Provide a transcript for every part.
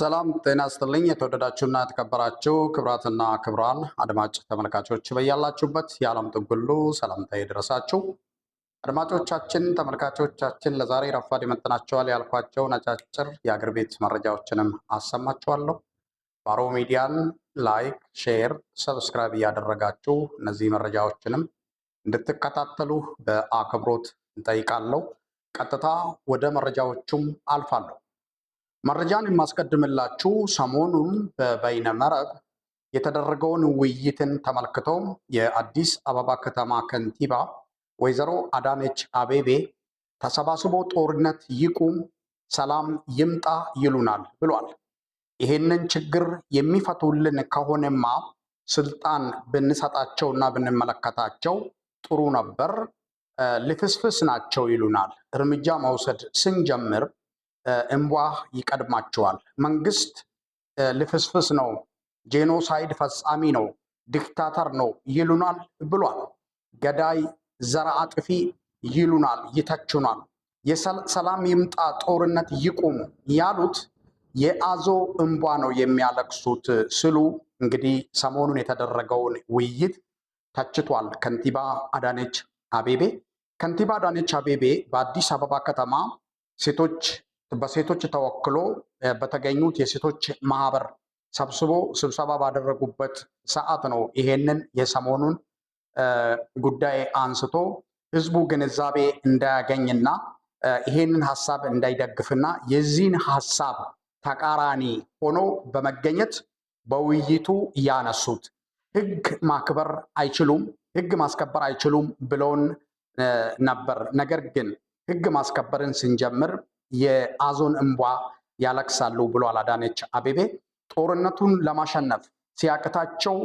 ሰላም ጤና ስትልኝ የተወደዳችሁና የተከበራችሁ ክብራትና ክብራን አድማጭ ተመልካቾች በያላችሁበት የዓለም ጥግ ሁሉ ሰላምታዬ ይድረሳችሁ። አድማጮቻችን፣ ተመልካቾቻችን ለዛሬ ረፋድ ይመጥናቸዋል ያልኳቸው አጫጭር የአገር ቤት መረጃዎችንም አሰማችኋለሁ። ባሮ ሚዲያን ላይክ፣ ሼር፣ ሰብስክራይብ እያደረጋችሁ እነዚህ መረጃዎችንም እንድትከታተሉ በአክብሮት እንጠይቃለሁ። ቀጥታ ወደ መረጃዎቹም አልፋለሁ። መረጃን የማስቀድምላችሁ ሰሞኑን በበይነ መረብ የተደረገውን ውይይትን ተመልክቶ የአዲስ አበባ ከተማ ከንቲባ ወይዘሮ አዳነች አቤቤ ተሰባስቦ ጦርነት ይቁም፣ ሰላም ይምጣ ይሉናል ብሏል። ይህንን ችግር የሚፈቱልን ከሆነማ ስልጣን ብንሰጣቸውና ብንመለከታቸው ጥሩ ነበር፣ ልፍስፍስ ናቸው ይሉናል። እርምጃ መውሰድ ስንጀምር እንቧ ይቀድማቸዋል። መንግስት ልፍስፍስ ነው፣ ጄኖሳይድ ፈጻሚ ነው፣ ዲክታተር ነው ይሉናል ብሏል። ገዳይ፣ ዘር አጥፊ ይሉናል፣ ይተቹናል። የሰላም ይምጣ ጦርነት ይቁም ያሉት የአዞ እንቧ ነው የሚያለቅሱት ስሉ እንግዲህ ሰሞኑን የተደረገውን ውይይት ተችቷል። ከንቲባ አዳነች አቤቤ ከንቲባ አዳነች አቤቤ በአዲስ አበባ ከተማ ሴቶች በሴቶች ተወክሎ በተገኙት የሴቶች ማህበር ሰብስቦ ስብሰባ ባደረጉበት ሰዓት ነው ይሄንን የሰሞኑን ጉዳይ አንስቶ ህዝቡ ግንዛቤ እንዳያገኝና ይሄንን ሀሳብ እንዳይደግፍና የዚህን ሀሳብ ተቃራኒ ሆኖ በመገኘት በውይይቱ ያነሱት ህግ ማክበር አይችሉም፣ ህግ ማስከበር አይችሉም ብለውን ነበር። ነገር ግን ህግ ማስከበርን ስንጀምር የአዞን እምቧ ያለቅሳሉ ብሏል አዳነች አቤቤ። ጦርነቱን ለማሸነፍ ሲያቅታቸው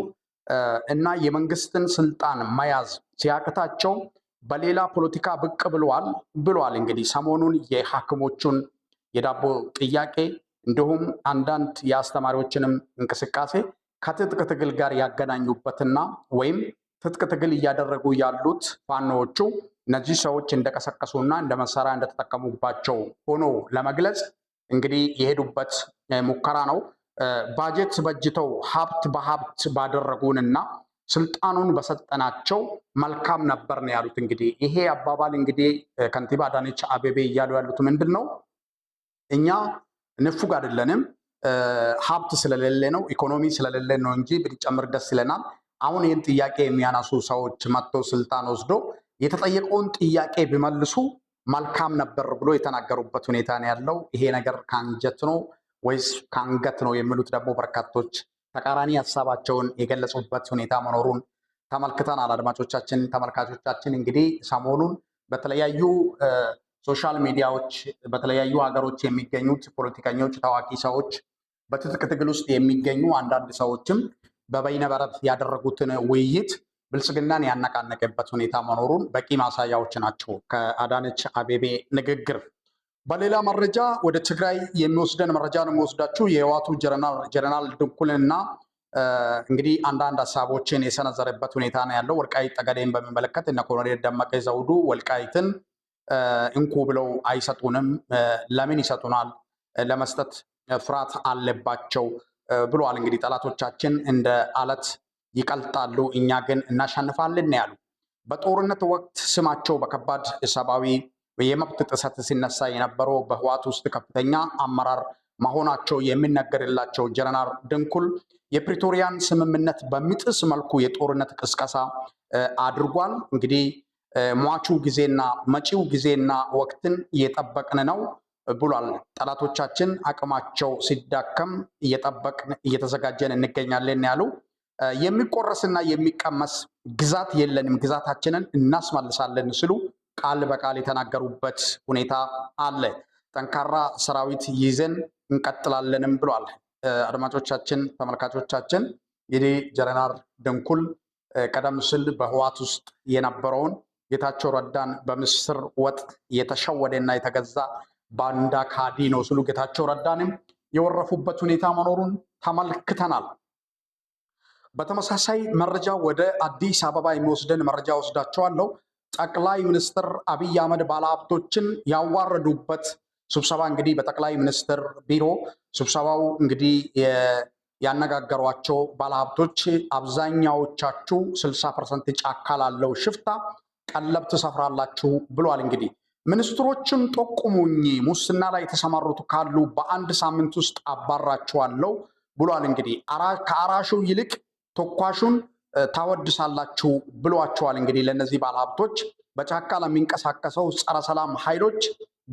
እና የመንግስትን ስልጣን መያዝ ሲያቅታቸው በሌላ ፖለቲካ ብቅ ብሏል ብሏል። እንግዲህ ሰሞኑን የሐኪሞቹን የዳቦ ጥያቄ እንዲሁም አንዳንድ የአስተማሪዎችንም እንቅስቃሴ ከትጥቅ ትግል ጋር ያገናኙበትና ወይም ትጥቅ ትግል እያደረጉ ያሉት ፋኖዎቹ እነዚህ ሰዎች እንደቀሰቀሱና እንደ መሳሪያ እንደተጠቀሙባቸው ሆኖ ለመግለጽ እንግዲህ የሄዱበት ሙከራ ነው። ባጀት በጅተው ሀብት በሀብት ባደረጉንና ስልጣኑን በሰጠናቸው መልካም ነበር ነው ያሉት። እንግዲህ ይሄ አባባል እንግዲህ ከንቲባ አዳነች አቤቤ እያሉ ያሉት ምንድን ነው? እኛ ንፉግ አይደለንም፣ ሀብት ስለሌለ ነው፣ ኢኮኖሚ ስለሌለ ነው እንጂ ብንጨምር ደስ ይለናል። አሁን ይህን ጥያቄ የሚያነሱ ሰዎች መጥቶ ስልጣን ወስዶ የተጠየቀውን ጥያቄ ቢመልሱ መልካም ነበር ብሎ የተናገሩበት ሁኔታ ነው ያለው። ይሄ ነገር ከአንጀት ነው ወይስ ከአንገት ነው የሚሉት ደግሞ በርካቶች ተቃራኒ ሀሳባቸውን የገለጹበት ሁኔታ መኖሩን ተመልክተናል። አድማጮቻችን፣ ተመልካቾቻችን እንግዲህ ሰሞኑን በተለያዩ ሶሻል ሚዲያዎች በተለያዩ ሀገሮች የሚገኙት ፖለቲከኞች፣ ታዋቂ ሰዎች፣ በትጥቅ ትግል ውስጥ የሚገኙ አንዳንድ ሰዎችም በበይነበረብ ያደረጉትን ውይይት ብልጽግናን ያነቃነቀበት ሁኔታ መኖሩን በቂ ማሳያዎች ናቸው ከአዳነች አቤቤ ንግግር። በሌላ መረጃ ወደ ትግራይ የሚወስደን መረጃ ነው የሚወስዳችሁ የህዋቱ ጀነራል ድንኩልና እንግዲህ አንዳንድ ሀሳቦችን የሰነዘረበት ሁኔታ ነው ያለው። ወልቃይት ጠገዴን በሚመለከት እነ ኮሎኔል ደመቀ ዘውዱ ወልቃይትን እንኩ ብለው አይሰጡንም፣ ለምን ይሰጡናል? ለመስጠት ፍርሃት አለባቸው ብለዋል። እንግዲህ ጠላቶቻችን እንደ አለት ይቀልጣሉ፣ እኛ ግን እናሸንፋለን ያሉ በጦርነት ወቅት ስማቸው በከባድ ሰብአዊ የመብት ጥሰት ሲነሳ የነበረው በህዋት ውስጥ ከፍተኛ አመራር መሆናቸው የሚነገርላቸው ጀነራል ድንኩል የፕሪቶሪያን ስምምነት በሚጥስ መልኩ የጦርነት ቅስቀሳ አድርጓል። እንግዲህ ሟቹ ጊዜና መጪው ጊዜና ወቅትን እየጠበቅን ነው ብሏል። ጠላቶቻችን አቅማቸው ሲዳከም እየጠበቅን እየተዘጋጀን እንገኛለን ያሉ የሚቆረስና የሚቀመስ ግዛት የለንም፣ ግዛታችንን እናስመልሳለን ሲሉ ቃል በቃል የተናገሩበት ሁኔታ አለ። ጠንካራ ሰራዊት ይዘን እንቀጥላለንም ብሏል። አድማጮቻችን፣ ተመልካቾቻችን እንግዲህ ጀነራል ድንኩል ቀደም ሲል በህዋት ውስጥ የነበረውን ጌታቸው ረዳን በምስር ወጥ የተሸወደና የተገዛ ባንዳ ካዲ ነው ሲሉ ጌታቸው ረዳንም የወረፉበት ሁኔታ መኖሩን ተመልክተናል። በተመሳሳይ መረጃ ወደ አዲስ አበባ የሚወስደን መረጃ ወስዳቸዋለሁ። ጠቅላይ ሚኒስትር አብይ አህመድ ባለሀብቶችን ያዋረዱበት ስብሰባ እንግዲህ በጠቅላይ ሚኒስትር ቢሮ ስብሰባው እንግዲህ ያነጋገሯቸው ባለሀብቶች አብዛኛዎቻችሁ ስልሳ ፐርሰንት ጫካ ላለው ሽፍታ ቀለብ ትሰፍራላችሁ ብሏል። እንግዲህ ሚኒስትሮችን ጠቁሙኝ፣ ሙስና ላይ የተሰማሩት ካሉ በአንድ ሳምንት ውስጥ አባራችኋለሁ ብሏል። እንግዲህ ከአራሹ ይልቅ ተኳሹን ታወድሳላችሁ ብሏቸዋል። እንግዲህ ለእነዚህ ባለሀብቶች በጫካ ለሚንቀሳቀሰው ጸረ ሰላም ኃይሎች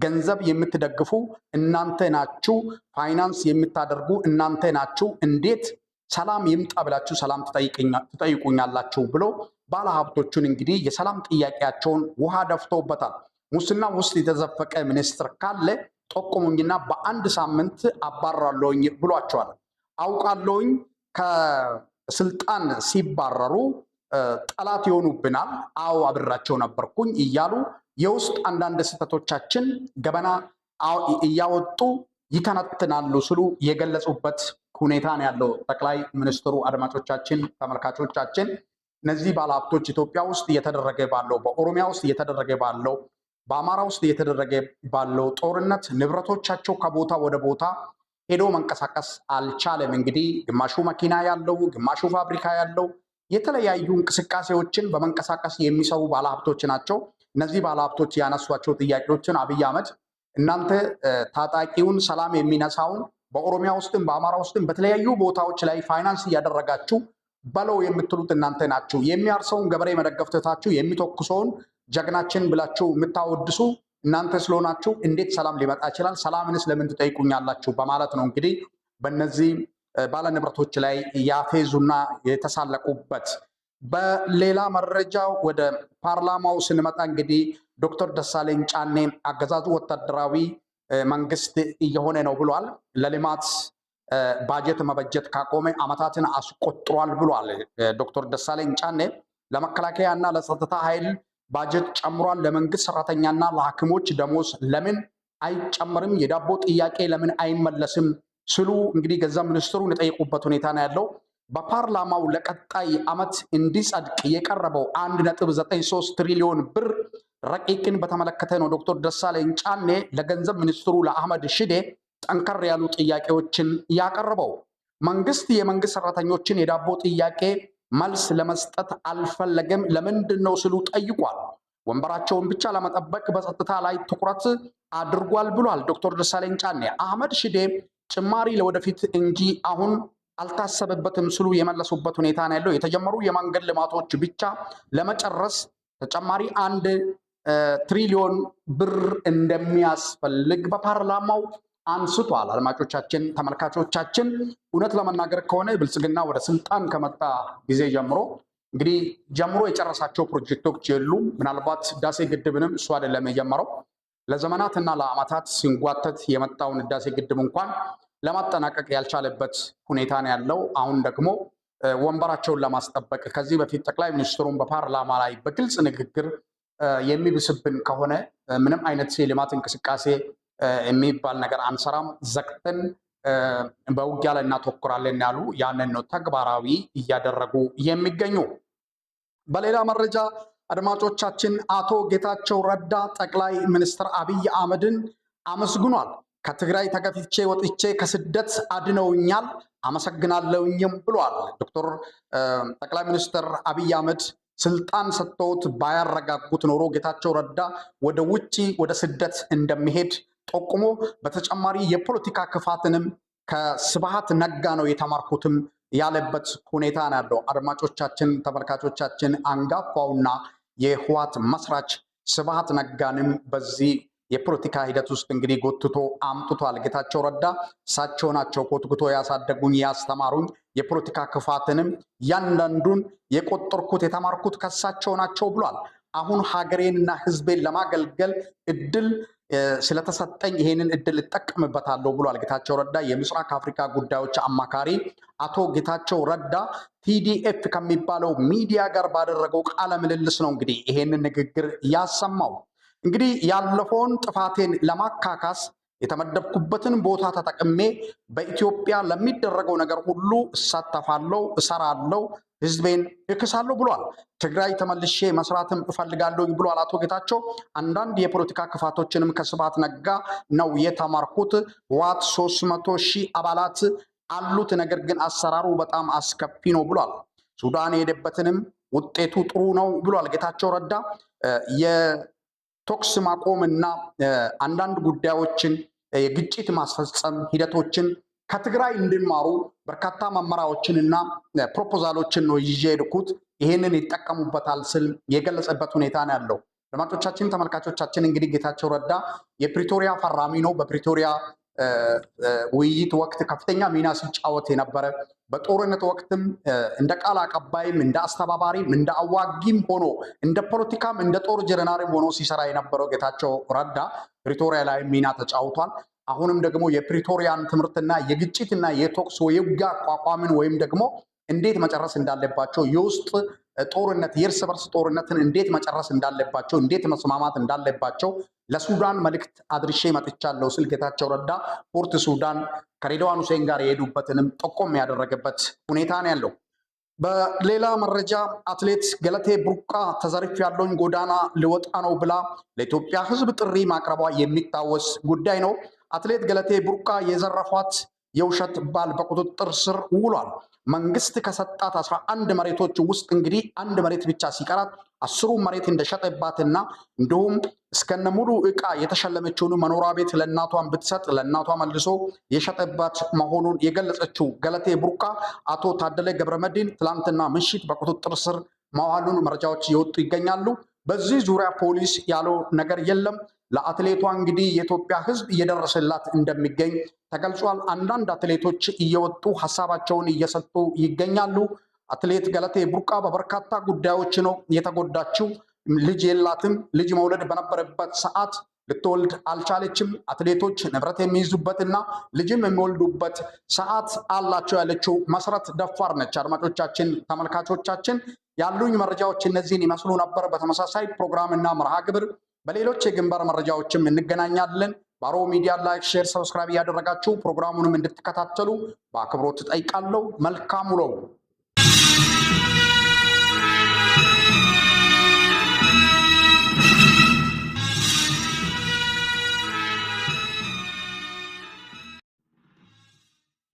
ገንዘብ የምትደግፉ እናንተ ናችሁ፣ ፋይናንስ የምታደርጉ እናንተ ናችሁ፣ እንዴት ሰላም ይምጣ ብላችሁ ሰላም ትጠይቁኛላችሁ ብሎ ባለሀብቶቹን እንግዲህ የሰላም ጥያቄያቸውን ውሃ ደፍተውበታል። ሙስና ውስጥ የተዘፈቀ ሚኒስትር ካለ ጠቁሙኝና በአንድ ሳምንት አባራለሁኝ ብሏቸዋል። አውቃለሁኝ ስልጣን ሲባረሩ ጠላት ይሆኑብናል። አዎ አብራቸው ነበርኩኝ እያሉ የውስጥ አንዳንድ ስህተቶቻችን ገበና እያወጡ ይተነትናሉ ስሉ የገለጹበት ሁኔታ ነው ያለው ጠቅላይ ሚኒስትሩ። አድማጮቻችን፣ ተመልካቾቻችን እነዚህ ባለሀብቶች ኢትዮጵያ ውስጥ እየተደረገ ባለው በኦሮሚያ ውስጥ እየተደረገ ባለው በአማራ ውስጥ እየተደረገ ባለው ጦርነት ንብረቶቻቸው ከቦታ ወደ ቦታ ሄዶ መንቀሳቀስ አልቻለም። እንግዲህ ግማሹ መኪና ያለው፣ ግማሹ ፋብሪካ ያለው የተለያዩ እንቅስቃሴዎችን በመንቀሳቀስ የሚሰሩ ባለሀብቶች ናቸው። እነዚህ ባለሀብቶች ያነሷቸው ጥያቄዎችን አብይ አህመድ እናንተ ታጣቂውን ሰላም የሚነሳውን በኦሮሚያ ውስጥም በአማራ ውስጥም በተለያዩ ቦታዎች ላይ ፋይናንስ እያደረጋችሁ በለው የምትሉት እናንተ ናችሁ። የሚያርሰውን ገበሬ መደገፍ ትታችሁ የሚተኩሰውን ጀግናችን ብላችሁ የምታወድሱ እናንተ ስለሆናችሁ እንዴት ሰላም ሊመጣ ይችላል? ሰላምንስ ለምን ትጠይቁኛላችሁ? በማለት ነው እንግዲህ በእነዚህ ባለንብረቶች ላይ ያፌዙና የተሳለቁበት። በሌላ መረጃ ወደ ፓርላማው ስንመጣ እንግዲህ ዶክተር ደሳለኝ ጫኔ አገዛዙ ወታደራዊ መንግስት እየሆነ ነው ብሏል። ለልማት ባጀት መበጀት ካቆመ አመታትን አስቆጥሯል ብሏል። ዶክተር ደሳለኝ ጫኔ ለመከላከያ እና ለጸጥታ ኃይል ባጀት ጨምሯል። ለመንግስት ሰራተኛና ለሐኪሞች ደሞዝ ለምን አይጨምርም? የዳቦ ጥያቄ ለምን አይመለስም? ስሉ እንግዲህ ገዛ ሚኒስትሩ የጠየቁበት ሁኔታ ነው ያለው። በፓርላማው ለቀጣይ ዓመት እንዲጸድቅ የቀረበው 1.93 ትሪሊዮን ብር ረቂቅን በተመለከተ ነው። ዶክተር ደሳለኝ ጫኔ ለገንዘብ ሚኒስትሩ ለአህመድ ሽዴ ጠንከር ያሉ ጥያቄዎችን ያቀረበው መንግስት የመንግስት ሰራተኞችን የዳቦ ጥያቄ መልስ ለመስጠት አልፈለገም። ለምንድን ነው ስሉ ጠይቋል። ወንበራቸውን ብቻ ለመጠበቅ በጸጥታ ላይ ትኩረት አድርጓል ብሏል ዶክተር ደሳለኝ ጫኔ። አህመድ ሽዴ ጭማሪ ለወደፊት እንጂ አሁን አልታሰበበትም ስሉ የመለሱበት ሁኔታ ነው ያለው። የተጀመሩ የመንገድ ልማቶች ብቻ ለመጨረስ ተጨማሪ አንድ ትሪሊዮን ብር እንደሚያስፈልግ በፓርላማው አንስቷል። አድማጮቻችን፣ ተመልካቾቻችን እውነት ለመናገር ከሆነ ብልጽግና ወደ ስልጣን ከመጣ ጊዜ ጀምሮ እንግዲህ ጀምሮ የጨረሳቸው ፕሮጀክቶች የሉም። ምናልባት ህዳሴ ግድብንም እሱ አይደለም የጀመረው ለዘመናት እና ለአመታት ሲንጓተት የመጣውን ህዳሴ ግድብ እንኳን ለማጠናቀቅ ያልቻለበት ሁኔታ ነው ያለው። አሁን ደግሞ ወንበራቸውን ለማስጠበቅ ከዚህ በፊት ጠቅላይ ሚኒስትሩን በፓርላማ ላይ በግልጽ ንግግር የሚብስብን ከሆነ ምንም አይነት የልማት እንቅስቃሴ የሚባል ነገር አንሰራም፣ ዘግተን በውጊያ ላይ እናተኩራለን ያሉ ያንን ነው ተግባራዊ እያደረጉ የሚገኙ። በሌላ መረጃ አድማጮቻችን፣ አቶ ጌታቸው ረዳ ጠቅላይ ሚኒስትር አብይ አህመድን አመስግኗል። ከትግራይ ተገፍቼ ወጥቼ ከስደት አድነውኛል አመሰግናለውኝም ብሏል። ዶክተር ጠቅላይ ሚኒስትር አብይ አህመድ ስልጣን ሰጥተውት ባያረጋጉት ኖሮ ጌታቸው ረዳ ወደ ውጭ ወደ ስደት እንደሚሄድ ጠቁሞ በተጨማሪ የፖለቲካ ክፋትንም ከስብሃት ነጋ ነው የተማርኩትም ያለበት ሁኔታ ነው ያለው። አድማጮቻችን፣ ተመልካቾቻችን አንጋፋውና የህዋት መስራች ስብሃት ነጋንም በዚህ የፖለቲካ ሂደት ውስጥ እንግዲህ ጎትቶ አምጥቷል። ጌታቸው ረዳ እሳቸው ናቸው ኮትኩቶ ያሳደጉኝ ያስተማሩኝ፣ የፖለቲካ ክፋትንም ያንዳንዱን የቆጠርኩት የተማርኩት ከሳቸው ናቸው ብሏል። አሁን ሀገሬንና ህዝቤን ለማገልገል እድል ስለተሰጠኝ ይሄንን እድል እጠቀምበታለሁ ብሏል። ጌታቸው ረዳ የምስራቅ አፍሪካ ጉዳዮች አማካሪ አቶ ጌታቸው ረዳ ቲዲኤፍ ከሚባለው ሚዲያ ጋር ባደረገው ቃለ ምልልስ ነው እንግዲህ ይሄንን ንግግር ያሰማው። እንግዲህ ያለፈውን ጥፋቴን ለማካካስ የተመደብኩበትን ቦታ ተጠቅሜ በኢትዮጵያ ለሚደረገው ነገር ሁሉ እሳተፋለሁ፣ እሰራለሁ፣ ህዝቤን እክሳለሁ ብሏል። ትግራይ ተመልሼ መስራትም እፈልጋለሁ ብሏል አቶ ጌታቸው። አንዳንድ የፖለቲካ ክፋቶችንም ከስብሐት ነጋ ነው የተማርኩት። ዋት ሶስት መቶ ሺህ አባላት አሉት፣ ነገር ግን አሰራሩ በጣም አስከፊ ነው ብሏል። ሱዳን የሄደበትንም ውጤቱ ጥሩ ነው ብሏል ጌታቸው ረዳ። የቶክስ ማቆም እና አንዳንድ ጉዳዮችን የግጭት ማስፈጸም ሂደቶችን ከትግራይ እንዲማሩ በርካታ መመሪያዎችን እና ፕሮፖዛሎችን ነው ይዤ የሄድኩት። ይህንን ይጠቀሙበታል ስል የገለጸበት ሁኔታ ነው ያለው። አድማጮቻችን፣ ተመልካቾቻችን እንግዲህ ጌታቸው ረዳ የፕሪቶሪያ ፈራሚ ነው። በፕሪቶሪያ ውይይት ወቅት ከፍተኛ ሚና ሲጫወት የነበረ በጦርነት ወቅትም እንደ ቃል አቀባይም እንደ አስተባባሪም እንደ አዋጊም ሆኖ እንደ ፖለቲካም እንደ ጦር ጀነራልም ሆኖ ሲሰራ የነበረው ጌታቸው ረዳ ፕሪቶሪያ ላይ ሚና ተጫውቷል። አሁንም ደግሞ የፕሪቶሪያን ትምህርትና የግጭትና የተኩስ የውጊያ አቋቋምን ወይም ደግሞ እንዴት መጨረስ እንዳለባቸው የውስጥ ጦርነት የእርስ በርስ ጦርነትን እንዴት መጨረስ እንዳለባቸው እንዴት መስማማት እንዳለባቸው ለሱዳን መልእክት አድርሼ መጥቻለሁ ስል ጌታቸው ረዳ ፖርት ሱዳን ከሬድዋን ሁሴን ጋር የሄዱበትንም ጠቆም ያደረገበት ሁኔታ ነው ያለው። በሌላ መረጃ አትሌት ገለቴ ቡርቃ ተዘርፍ ያለውን ጎዳና ልወጣ ነው ብላ ለኢትዮጵያ ሕዝብ ጥሪ ማቅረቧ የሚታወስ ጉዳይ ነው። አትሌት ገለቴ ቡርቃ የዘረፏት የውሸት ባል በቁጥጥር ስር ውሏል። መንግስት ከሰጣት አስራ አንድ መሬቶች ውስጥ እንግዲህ አንድ መሬት ብቻ ሲቀራት አስሩ መሬት እንደሸጠባትና እንዲሁም እስከነ ሙሉ እቃ የተሸለመችውን መኖሪያ ቤት ለእናቷን ብትሰጥ ለእናቷ መልሶ የሸጠባት መሆኑን የገለጸችው ገለቴ ቡርቃ አቶ ታደለ ገብረመድህን ትላንትና ምሽት በቁጥጥር ስር መዋሉን መረጃዎች እየወጡ ይገኛሉ። በዚህ ዙሪያ ፖሊስ ያለው ነገር የለም። ለአትሌቷ እንግዲህ የኢትዮጵያ ሕዝብ እየደረሰላት እንደሚገኝ ተገልጿል። አንዳንድ አትሌቶች እየወጡ ሀሳባቸውን እየሰጡ ይገኛሉ። አትሌት ገለቴ ቡርቃ በበርካታ ጉዳዮች ነው የተጎዳችው። ልጅ የላትም። ልጅ መውለድ በነበረበት ሰዓት ልትወልድ አልቻለችም። አትሌቶች ንብረት የሚይዙበትና ልጅም የሚወልዱበት ሰዓት አላቸው ያለችው መሰረት ደፋር ነች። አድማጮቻችን፣ ተመልካቾቻችን ያሉኝ መረጃዎች እነዚህን ይመስሉ ነበር። በተመሳሳይ እና መርሃ ግብር በሌሎች የግንባር መረጃዎችም እንገናኛለን። ባሮ ሚዲያ ላይክ፣ ሼር፣ ሰብስክራይብ እያደረጋችሁ ፕሮግራሙንም እንድትከታተሉ በአክብሮት እጠይቃለሁ። መልካም ውለው